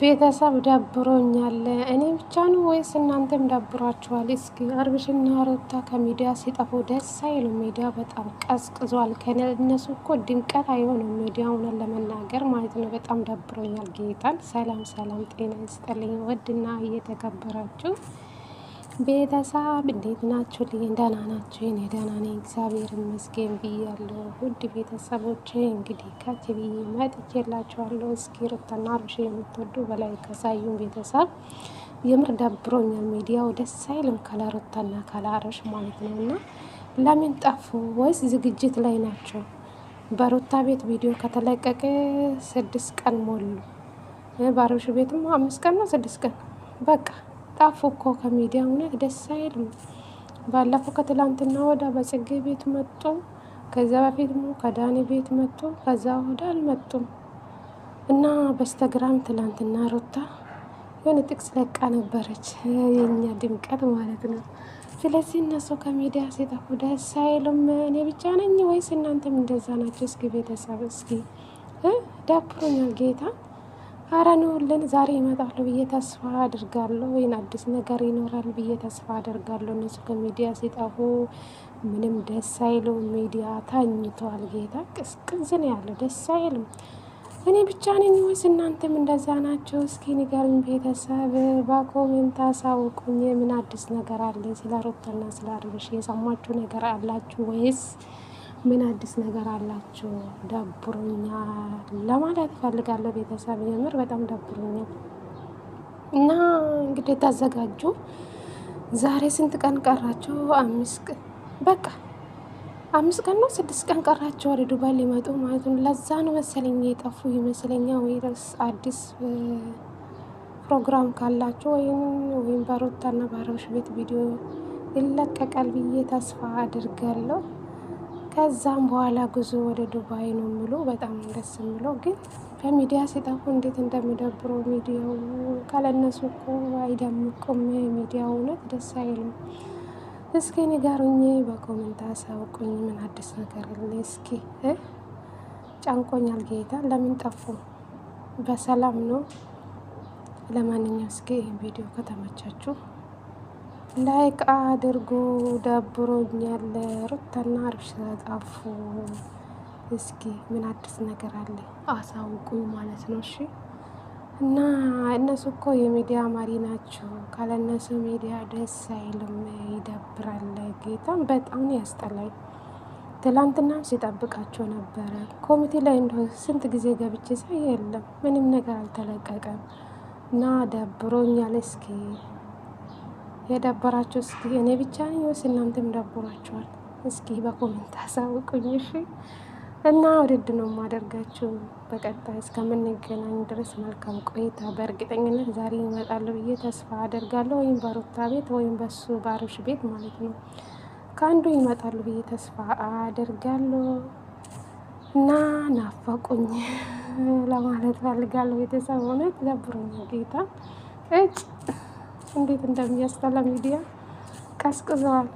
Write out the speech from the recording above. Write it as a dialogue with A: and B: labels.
A: ቤተሰብ ደብሮኛል። እኔ ብቻ ነው ወይስ እናንተም ደብሯችኋል? እስኪ አብርሽና ሩታ ከሚዲያ ሲጠፉ ደስ አይሉ ሚዲያ በጣም ቀዝቅዟል። እነሱ እኮ ድምቀት አይሆንም ሚዲያ ሆነን ለመናገር ማለት ነው። በጣም ደብሮኛል። ጌታን ሰላም ሰላም፣ ጤና ይስጠልኝ ወድና እየተከበራችሁ ቤተሰብ እንዴት ናችሁ? ልኝ ደህና ናችሁ? እኔ ደህና ነኝ እግዚአብሔር ይመስገን ብያለሁ። ውድ ቤተሰቦች እንግዲህ ከች ብዬ መጥቼላችኋለሁ። እስኪ ሩታና አብርሽ የምትወዱ በላይ ከሳዩን ቤተሰብ የምር ደብሮኛል። ሚዲያው ደስ አይልም ካለ ከላረሽ ማለት ነው። እና ለምን ጠፉ? ወይስ ዝግጅት ላይ ናቸው? በሩታ ቤት ቪዲዮ ከተለቀቀ ስድስት ቀን ሞሉ። በአብርሽ ቤትም አምስት ቀን ነው ስድስት ቀን በቃ ጠፉ እኮ ከሚዲያ እውነት ደስ አይልም። ባለፈው ከትላንትና ወዳ በጽጌ ቤት መጡ። ከዛ በፊት ከዳኒ ቤት መጡ። ከዛ ወዳ አልመጡም እና በስተግራም ትላንትና ሩታ የሆነ ጥቅስ ለቃ ነበረች፣ የኛ ድምቀት ማለት ነው። ስለዚህ እነሱ ከሚዲያ ሲጠፉ ደስ አይሉም። እኔ ብቻ ነኝ ወይስ እናንተም እንደዛ ናቸው? እስኪ ቤተሰብ እስኪ ደብሮኛል ጌታ አረነውልን ዛሬ ይመጣሉ ብዬ ተስፋ አድርጋለሁ። ወይን አዲስ ነገር ይኖራል ብዬ ተስፋ አድርጋለሁ። እነሱ ከሚዲያ ሲጠፉ ምንም ደስ አይለው። ሚዲያ ተኝቷል። ጌታ ቅዝቅዝ ነው ያለው፣ ደስ አይልም። እኔ ብቻ ነኝ ወይስ እናንተም እንደዛ ናቸው? እስኪ ንገሩኝ ቤተሰብ በኮሜንት አሳውቁኝ። ምን አዲስ ነገር አለ? ስለ ሩታና ስለ አብርሽ የሰማችሁ ነገር አላችሁ ወይስ ምን አዲስ ነገር አላችሁ? ደብሮኛል ለማለት እፈልጋለሁ። ቤተሰብ የምር በጣም ደብሮኛል እና እንግዲህ ታዘጋጁ። ዛሬ ስንት ቀን ቀራችሁ? አምስት ቀን በቃ አምስት ቀን ነው ስድስት ቀን ቀራቸው ወደ ዱባይ ሊመጡ ማለት ነው። ለዛ ነው መሰለኝ የጠፉ ይመስለኛ። ወይስ አዲስ ፕሮግራም ካላቸው ወይም ወይም በሮታና በአረብሽ ቤት ቪዲዮ ይለቀቃል ብዬ ተስፋ አድርጋለሁ። ከዛም በኋላ ጉዞ ወደ ዱባይ ነው ምሎ በጣም ደስ የምለው ግን ከሚዲያ ሲጠፉ እንዴት እንደሚደብረው ሚዲያው ካለነሱ እኮ አይደምቁም። ሚዲያው እውነት ደስ አይልም። እስኪ ንገሩኝ በኮሜንት አሳውቁኝ፣ ምን አዲስ ነገር አለ? እስኪ ጫንቆኛል። ጌታ። ለምን ጠፉ? በሰላም ነው። ለማንኛውም እስኪ ቪዲዮ ከተመቻችሁ ላይክ አድርጉ። ደብሮኛል። ሩታና አብርሽ ተጣፉ። እስኪ ምን አዲስ ነገር አለ አሳውቁ ማለት ነው። እሺ እና እነሱ እኮ የሚዲያ ማሪ ናቸው። ካለነሱ ሚዲያ ደስ አይልም፣ ይደብራል። ጌታም በጣም ያስጠላኝ። ትላንትናም ሲጠብቃቸው ነበረ ኮሚቴ ላይ እንደ ስንት ጊዜ ገብቼ ሳይ የለም፣ ምንም ነገር አልተለቀቀም እና ደብሮኛል። እስኪ የዳበራችሁ እስኪ እኔ ብቻ ነኝ ወይስ እናንተም ዳብሯችኋል? እስኪ በኮሜንት አሳውቁኝ እሺ። እና ውድድ ነው የማደርጋችሁ። በቀጣይ እስከምንገናኝ ድረስ መልካም ቆይታ። በእርግጠኝነት ዛሬ ይመጣሉ ብዬ ተስፋ አደርጋለሁ፣ ወይም በሩታ ቤት ወይም በሱ ባሮሽ ቤት ማለት ነው። ከአንዱ ይመጣሉ ብዬ ተስፋ አደርጋለሁ እና ናፈቁኝ ለማለት ፈልጋለሁ። ቤተሰብ ሆነ ደብሮኛል ጌታ እጭ እንዴት እንደሚያስጠላ ሚዲያ ቀስቅዘዋል።